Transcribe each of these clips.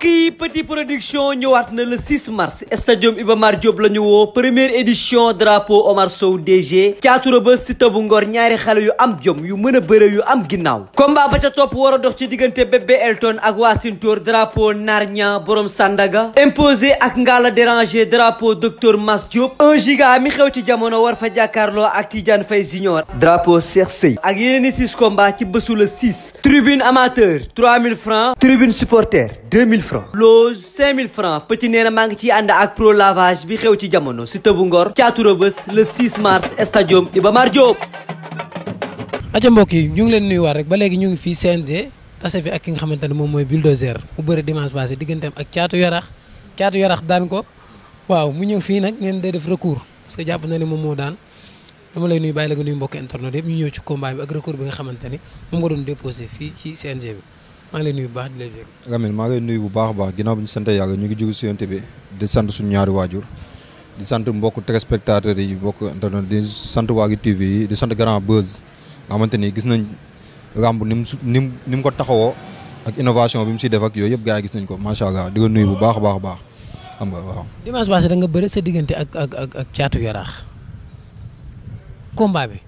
mbokk yi petit production ñëwaat na le 6 mars stadium Iba Mar Diop la ñu woo première édition drapeau Omar Sow DG caatu Rebeuss Siteu Ngor ñaari xale yu am jom yu mën a bëre yu am ginnaaw combat ba ca topp war a dox ci diggante Bébé Elton ak Wassintor drapeau Narnia borom Sandaga imposé ak Ngala déranger drapeau docteur Mas Diop 1 giga mi xew ci jamono war fa jàkkaarloo ak Tidiane Faye Junior drapeau Cheikh Sey ak yeneen i 6 combat ci bésu le 6 tribune amateur 3000 francs francs loge 5000 francs petit nee na maa ngi ciy ànd ak pro lavage bi xew ci jamono si tëbu ngor caatu rëbës le 6 mars stadium Iba Mar Diop aca mbokk yi ñu ngi leen nuyu waat rek ba léegi ñu ngi fii CNG tase fi ak ki nga xamante ne moom mooy bill bulldozer mu bëri dimanche passé digganteem ak caatu yarax caatu yarax daan ko waaw mu ñëw fii nag neen day def recours parce que jàpp na ne moom moo daan dama lay nuyu bàyyi la nga nuyu mbokk internet yëpp ñu ñëw ci combat bi bi nga xamante ni moom nga doon déposé fii ci CNG bi maa ngi lay nuyu bu baax di bu baax a baax ginnaaw bi ñu sant yàlla ñu ngi jóg si yonte bi di sant suñu ñaari waajur di sant mbokk téléspectateurs yi mbokk internet di sant Wagy TV yi di sant Grand Buzz nga xamante ni gis nañ làmb ni mu nim ni mu ko taxawoo ak innovation bi mu si def ak yooyu yëpp gaa yi gis nañ ko macha allah di ko nuyu bu baax a baax a baax xam nga waaw. dimanche passé da nga bëri sa diggante ak ak ak ak caatu yaraax combat bi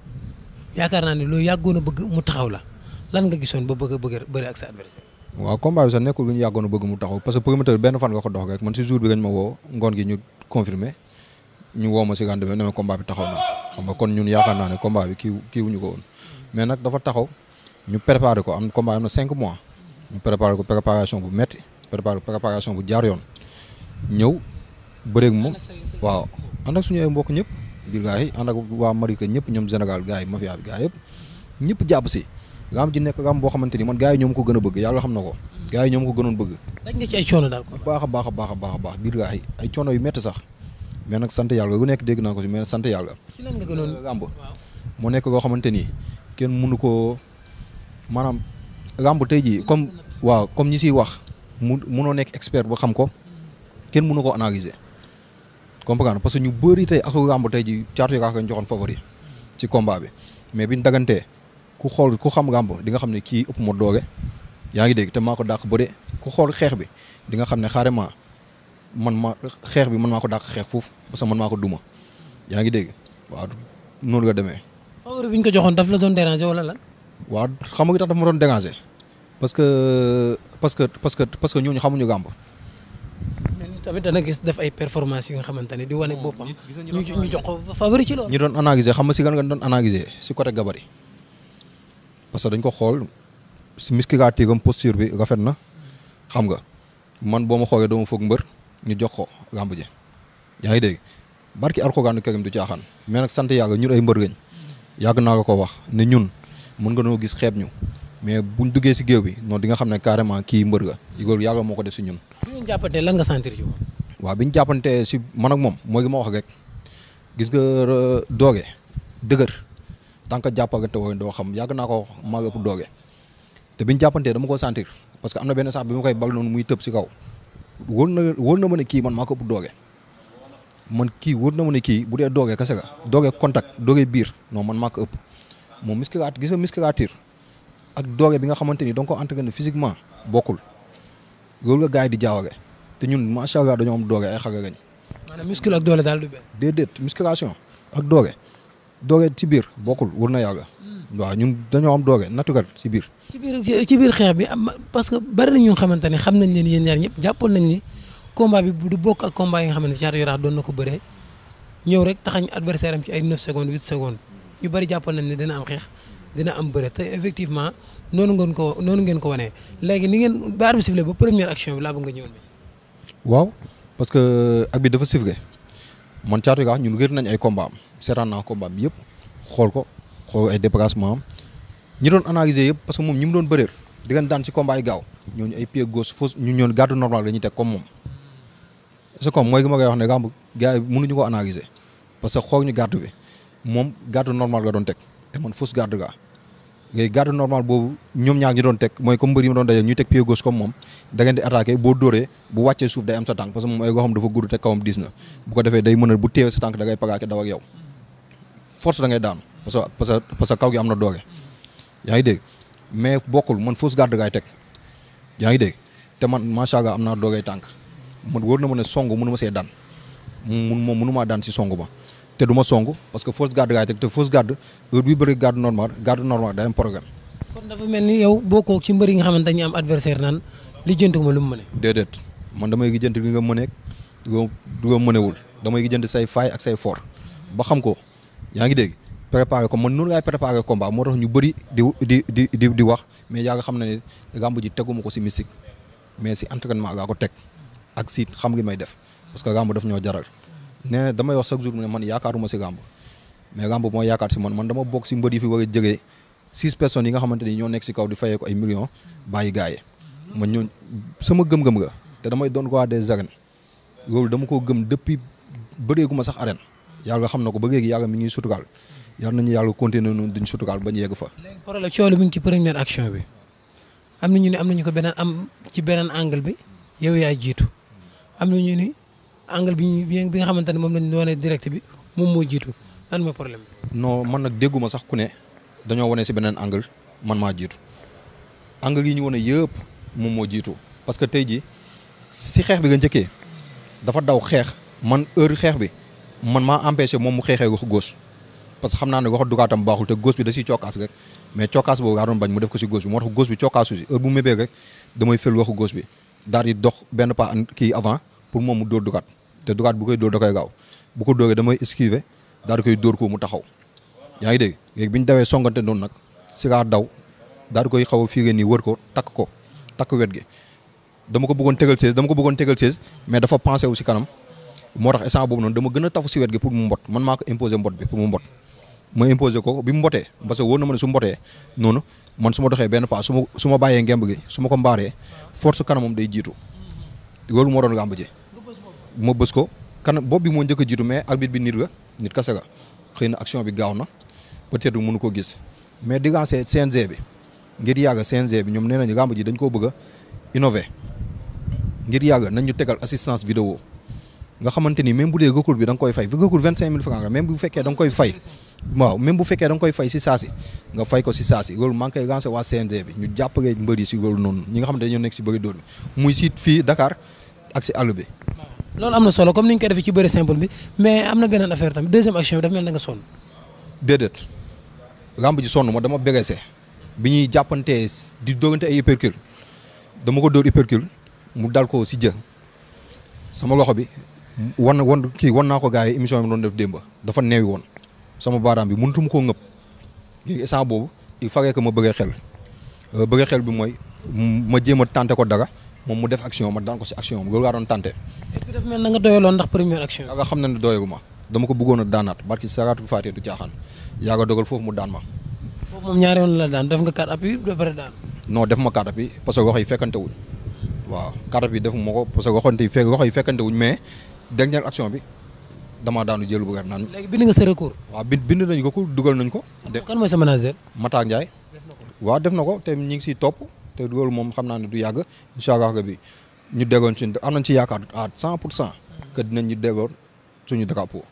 yaakaar naa ni loolu yàggoon a bëgg mu taxaw la. lan nga gisoon ba bëgg a bëgg bëri ak sa adversaire waaw combat bi sax nekkul lu ñu yàggoon bëgg mu taxaw parce que promoteur benn fan nga ko dox rek man si jour bi dañ ma woo ngoon gi ñu confirmé ñu woo ma si rendez-vous ne ma combat bi taxaw na xam nga kon ñun yaakaar naa ne combat bi kii kii wuñu ko woon mais nag dafa taxaw ñu préparé ko am combat am na cinq mois ñu préparé ko préparation bu metti préparé ko préparation bu jaar yoon ñëw bëreeg moom waaw ànd ak suñu ay mbokk ñëpp biir gars yi ànd ak waa Marika ñëpp ñoom Sénégal gars yi mafia bi gars yëpp ñëpp jàpp si lamb ji nekk lamb boo xamante ni man gars yi ñoom ko gën a bëgg yàlla xam na ko gars yi ñoom ko gënoon bëgg dañ nga ci ay coono daal ko baax a baax a baax a baax a baax biir ay ay coono yu métti sax mais nag sant yàlla bu nekk dégg naa ko si mais sant yàlla ci lan nga gënoon lamb mu nekk loo xamante ni kenn mënu koo maanaam lamb tey jii comme waaw comme ñi siy wax mu mënoo nekk expert ba xam ko kenn mënu koo analyser comprendre parce que ñu bëri tey ak lamb tey jii caatu yaa ko joxoon favori ci combat bi mais biñ dagantee ku xool ku xam gàmb di nga xam ne kii ëpp ma doole yaa ngi dégg te maa ko dàq bëre ku xool xeex bi di xam ne carrément man ma xeex bi man maa ko dàq xeex foofu parce que man maa ko duma yaa ngi dégg waaw noonu la demee. ko joxoon daf la doon déranger wala lan. waaw xam nga tax daf ma doon déranger parce que parce que parce que parce que ñooñu xamuñu gàmb. tamit dana gis def ay performance yi nga xamante ne di wane oh, boppam. ñu jox ko favori ci loolu. ñi doon analyser xam nga si gan nga doon analyser si côté gabarit parce que dañ ko xool si miskikaatigam posture bi rafet na xam nga man boo ma xoogee dama foog mbër ñu jox ko làmb ji yaa ngi dégg barki alxuraanu karim du caaxaan mais nag sant yàlla ñun ay mbër lañ yàgg naa la ko wax ne ñun mën nga noo gis xeeb ñu mais buñ duggee si géew bi noonu di nga xam ne carrément kii mbër la yàlla moo ko def si ñun. bi ngeen jàppante lan nga sentir ci moom. bi ñu jàppante si man ak moom mooy li ma wax rek gis nga euh, doogee dëgër. tant que jàppagante woon doo xam yàgg naa ko maa ëpp dooge te biñ jàppantee dama ko sentir parce que am na benn sax bi ma koy bal noonu muy tëb si kaw wóor na na ma ne kii man maa ko ëpp dooge man kii wóor na ma ne kii bu dee dooge kese ga dooge contact dooge biir non man maa ko ëpp moom musculature gis nga musculature ak dooge bi nga xamante ni da nga ko entraîné physiquement bokkul loolu la gars yi di jaawale te ñun ma allah dañoo am dooge ay xarala lañ. maanaam muscle ak doole daal du dooge. doogee ci biir bokkul wër na yàgg. Hmm. waaw ñun dañoo am doogee naturel ci biir. ci biir ci biir xeex bi parce que bari na ñu xamante ne xam nañ leen yéen ñaar ñëpp jàppoon nañ ni combat bi du bokk ak combat yi nga xam ne Caatu Yaraax na ko bëree ñëw rek taxañ adversaire am ci ay 9 secondes 8 secondes ñu bari jàppoon nañ ne dina am xeex dina am bëre te effectivement noonu ngeen ko noonu ngeen ko wanee léegi ni ngeen ba arbitre sifflé ba première action bi laa bëgg nga ñëwoon. waaw parce que ak bi dafa sifflé man Caatu Yaraax ñun wér nañ ay combat seetaan naa combat yëpp xool ko xool ay déplacement am ñi doon analyser yëpp parce que moom ñi mu doon bëreer di leen daan si combat yi gaaw ñooñu ay pied gauche fausse ñu normal la ñuy teg comme moom c'est comme mooy ñu gàddu bi moom gàddu normal doon teg te man fausse gàddu gaa garde normal boobu ñoom ñaar ñu doon teg mooy comme mbër yi ma doon daje ñuy teg pied gauche comme moom da di attaqué boo dóoree bu wàccee suuf day am sa tànk parce que moom ay goo xam dafa gudd teg kawam diis na bu ko defee day mën a bu téewee force da ngay daanu parce que parce que kaw gi am na doole yaa ngi dégg mais bokkul man fausse garde gaay teg yaa ngi dégg te man macha allah am naa doogay tànk man wóor na ma ne song mënu ma see daan mun moom mënu maa daan si song ma te duma songu parce que fos garde gaay teg te fausse garde heure bi bëri garde normal garde normal day am programme. dafa mel ni yow bokkoo ci mbër yi nga xamante ne am adversaire naan lijjanti ma lu mu mëne. déedéet man damay lijjanti li nga mëneeg du nga mënewul damay lijjanti say faay ak say fort ba xam ko. yaa ngi dégg préparé ko man noonu laay préparé combat moo tax ñu bëri di di di di di wax mais yaa nga xam ne làmb ji teguma ko si mystique mais si entraînement laa ko teg ak si xam ngi may def parce que làmb daf ñoo jaral nee na damay wax chaque jour mu ne man yaakaaruma si làmb mais làmb mooy yaakaar si man man dama bokk si mbër yi fi war a jëgee six personnes yi nga xamante ni ñoo nekk si kaw di fayee ko ay millions bàyyi gaaye man ñoo sama gëm-gëm la te damay doon ko des arènes loolu dama ko gëm depuis bëreeguma sax arène yàlla xam na ko ba léegi yàlla mi ñuy suturaal yal nañu yàlla continuer noonu duñ suturaal bañ yegg fa. léegi problème coow li mu ngi ci am na ñu ne am nañu ko beneen am ci beneen angle bi yow yaay jiitu am na ñu ni angle bi bi nga xamante ne moom lañ doonee direct bi moom moo jiitu lan mooy problème bi. non man nag dégguma sax ku ne dañoo wane si beneen angle man maa jiitu angle yi ñu wane yëpp moom moo jiitu parce que tey ji si xeex bi nga njëkkee dafa daw xeex man heure xeex bi. man maa empêché moom mu xeexee waxu gauche parce que xam naa ne wax dugaatam baaxul te gauche bi da siy cokkaas rek mais cokkaas boobu daa doon bañ mu def ko si gauche bi moo cokkaasu bi daal di dox benn pas kii avant pour moom mu dóor dugaat te dugaat bu koy dóor da koy gaaw bu ko dóoree damay esquiver daal di koy dóor ko mu taxaw yaa ngi dégg léegi bi ñu dawee songante noonu nag Sika daw daal koy xaw a fiiree nii wër ko takk ko takk wet gi dama ko bëggoon tegal 16 dama ko bëggoon tegal 16 mais dafa pensé wu si kanam moo tax instant boobu noonu dama gën a tafu si wet gi pour mu mbot man maa ko imposer mbot bi pour mu mbot ma imposer ko bi mu mbotee parce que wóor na su mbotee noonu man su ma doxee benn pas su ma su ma bàyyee ngemb gi su ma ko mbaaree force kanamam day jiitu loolu moo doon gàmb ji ma bës ko kanam bopp bi moo njëkk a jiitu mais arbitre bi niir ga nit kase ga xëy na action bi gaaw na peut-être mënu ko gis mais di diggante CNG bi ngir yàgg CNG bi ñoom nee nañu gàmb ji dañ koo bëgg a ngir yàgg nañ ñu tegal assistance vidéo nga xamante ni même bu dee recours bi da nga koy fay recours vingt cinq mille francs la bu fekkee da koy fay waaw même bu fekkee da koy fay si saasi nga fay ko si saasi loolu maa ngi koy lancé waa CNG bi ñu jàppale mbër si loolu ak àll bi loolu am na solo comme ni ñu koy defee ci bëri simple bi mais am na beneen affaire tamit deuxième action bi dafa mel na nga sonn déedéet lamb ji sonn ma dama se bi ñuy jàppantee di dóorante ay hypercule dama ko dóor hypercule mu dal ko si jë sama loxo bi wan wan kii wan naa ko gars yi émission bi doon def démba dafa neewi woon sama baaraam bi mënutuma koo ngëpp léegi instant boobu il fallait que ma bëggee xel euh, bëggee xel bi mooy ma jéem a tante ko dara moom mu def action ma daan ko si action am loolu laa doon tante. est daf mel na nga doyaloon ndax première action. nga xam na ne doyagu ma dama ko bëggoon a daanaat barki saraatu faatee du caaxaan yaa nga dogal foofu mu daan ma. foofu moom ñaari yoon la daan def nga quatre appuis ba pare daan. non def ma quatre bi parce que wax yi fekkante wuñ waaw quatre appuis def ma ko parce que waxante yi fekk wax yi fekkante dernière action bi damaa daanu jël bu gar naan. léegi bind nga sa recours. waaw bind bind nañ ko ko dugal nañ ko. kan mooy sa manager. Matar Ndiaye. waaw def na ko te ñu ngi siy topp te loolu moom xam naa ne du yàgg incha allah bi ñu déggoon ci am nañ ci yaakaar à 100 pour cent que dinañ ñu déggoon suñu drapeau.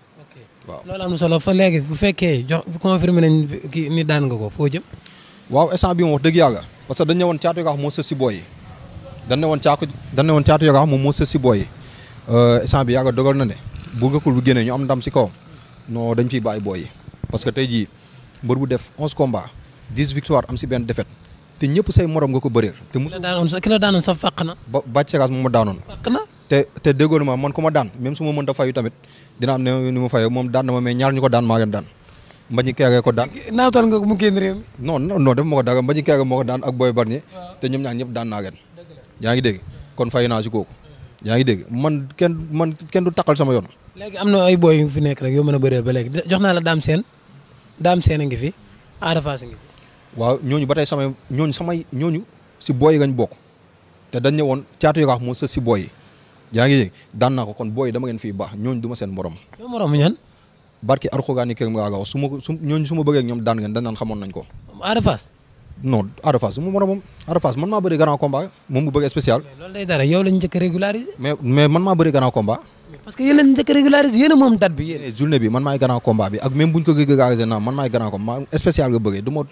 waaw loolu am na solo fa léegi bu fekkee jox confirmé nañ kii ni daan nga ko foo jëm. waaw instant bi moom wax dëgg yàlla parce que dañ ne woon caatu yoo xam moo sës si booy yi dañ ne woon caatu dañ ne woon caatu yoo xam moom moo sës si booy yi e bi yàgga dogal na ne bu gëkkul bu génnee ñu am ndam si kawam non dañ fiy bàyyi booyi parce que tey jii mbër bu def onze combats dix victoire am si benn defet te ñëpp say moroom nga ko bëreel. te musu ki la daanoon sa fàq na. ba bàcc segaas mu ma man ku ma daan même su ma mënta fayu tamit dina am ne ni ma fayoo moom daan na ma mais ñaar ñu ko daan maa leen daan. Mbañi Keege ko daan. naawtal nga ko mu génn réew mi. non non def ma ko daan Mbañi Keege moo ko daan ak Boy Barnier. te ñoom ñaar ñëpp daan naa yaa ngi dégg kon fay naa yaa ngi dégg man kenn man kenn du takkal sama yoon. léegi am na ay booy yu fi nekk rek yoo mën a bëree ba léegi jox naa la Dame seen daam seen a ngi fi Ada ngi waaw ñooñu ba tey samay ñooñu samay ñooñu si booy yi gañ bokk te dañ ne woon caatu Yokaaf moo sës si booy yaa ngi dégg daan naa ko kon booy dama ngeen fii baax ñooñ du ma seen morom. ñoo morom ñan. barki Alxuraan ni kër nga wax su ma su ñooñu su ma bëggee ñoom daan ngeen dañ naan xamoon nañ ko. Ada non Ada Fass su ma moroomam Ada Fass man maa bëri grand combat moom bu bëgg spécial. loolu day dara yow lañ njëkk a régulariser. mais mais man maa bëri grand combat. parce que yéen lañ njëkk a régulariser yéen a moom date bi yéen. journée bi man maay grand combat bi ak même buñ ko régulariser naa man maay grand combat spécial nga bëggee du ma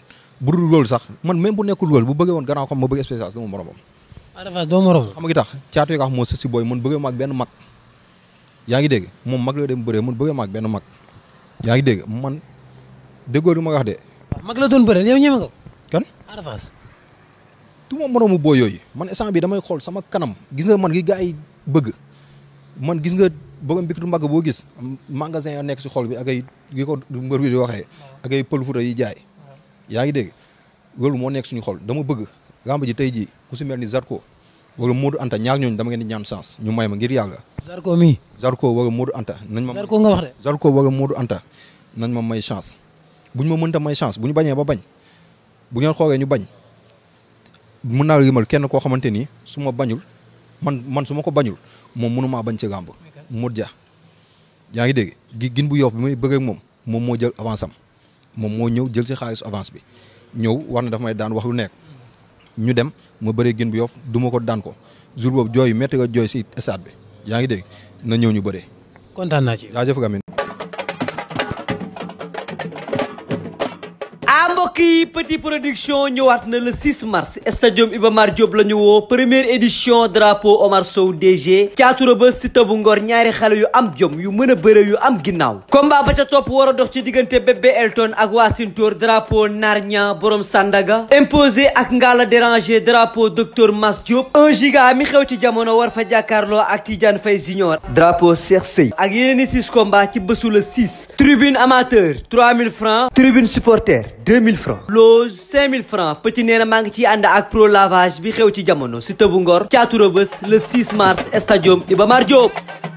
bu dul loolu sax man même bu nekkul loolu bu bëggee woon grand combat ma bëgg spécial du ma moroomam. Ada Fass doo moroom. xam nga tax caatu yi nga xam moo sës si booy man bëggee ma ak benn mag yaa ngi dégg moom mag la dem bëree man bëggee ma ak benn mag yaa ngi dégg man déggoo lu ma wax de. mag la doon bëree yow ñeme nga kan Ada Fass du ma mu boo yooyu man instant bi damay xool sama kanam gis nga man gi gars yi bëgg man gis nga bëgg mbiktu mbagg boo gis magasin ya nekk si xol bi ak ay gi ko mbër waxee ak ay pël futa yi jaay yaa ngi dégg loolu moo nekk suñu xol dama bëgg làmb ji tey jii ku si mel ni Zarko wala Modou Anta ñaar ñooñu dama ngeen di ñaan ñu may ma ngir yàlla. Zarko mi Zarko wala Modou Anta. nañ ma Zarko nga wax de. Zarko wala Modou Anta nañ ma may chance buñ ma mënta may chance bu ñu bañee ba bañ. bu ngeen xoolee ñu bañ mun naa rimal kenn koo xamante ni su ma bañul man man su ma ko bañul moom mënu bañ ci làmb Modou ja yaa ngi dégg gi gin bu yoof bi may bëgg moom moom moo jël avance am moom moo ñëw jël si xaalis avance bi ñëw war na dafa may daan wax lu nekk ñu dem ma bëree gin bu yoof duma ko daan ko jour boobu jooy metti nga jooy si stade bi yaa ngi dégg na ñëw ñu bëree. kontaan naa ci. jaajëf Gamine. mbokk yi Petit Production ñëwaat na le 6 mars stadium Iba Mar Diop la ñu woo première édition drapeau Omar Sow DG caaturo ba Siteu bu Ngor ñaari xale yu am jom yu mën a bëre yu am ginnaaw combat ba ca topp war a dox ci diggante Bébé Elton ak Wassintor drapeau Narnia borom Sandaga imposé ak Ngala déranger drapeau docteur Mas Diop 1 giga mi xew ci jamono war fa jàkkaarloo ak Tidiane Faye Junior drapeau Cheikh Sey ak yeneen i 6 combats ci bésu le 6 tribune amateur francs tribune francs loge 5000 francs petit nee maa ngi ciy ànd ak pro lavage bi xew ci jamono si tëbu ngor caatu rëbës le 6 mars stadium Iba Mar Diop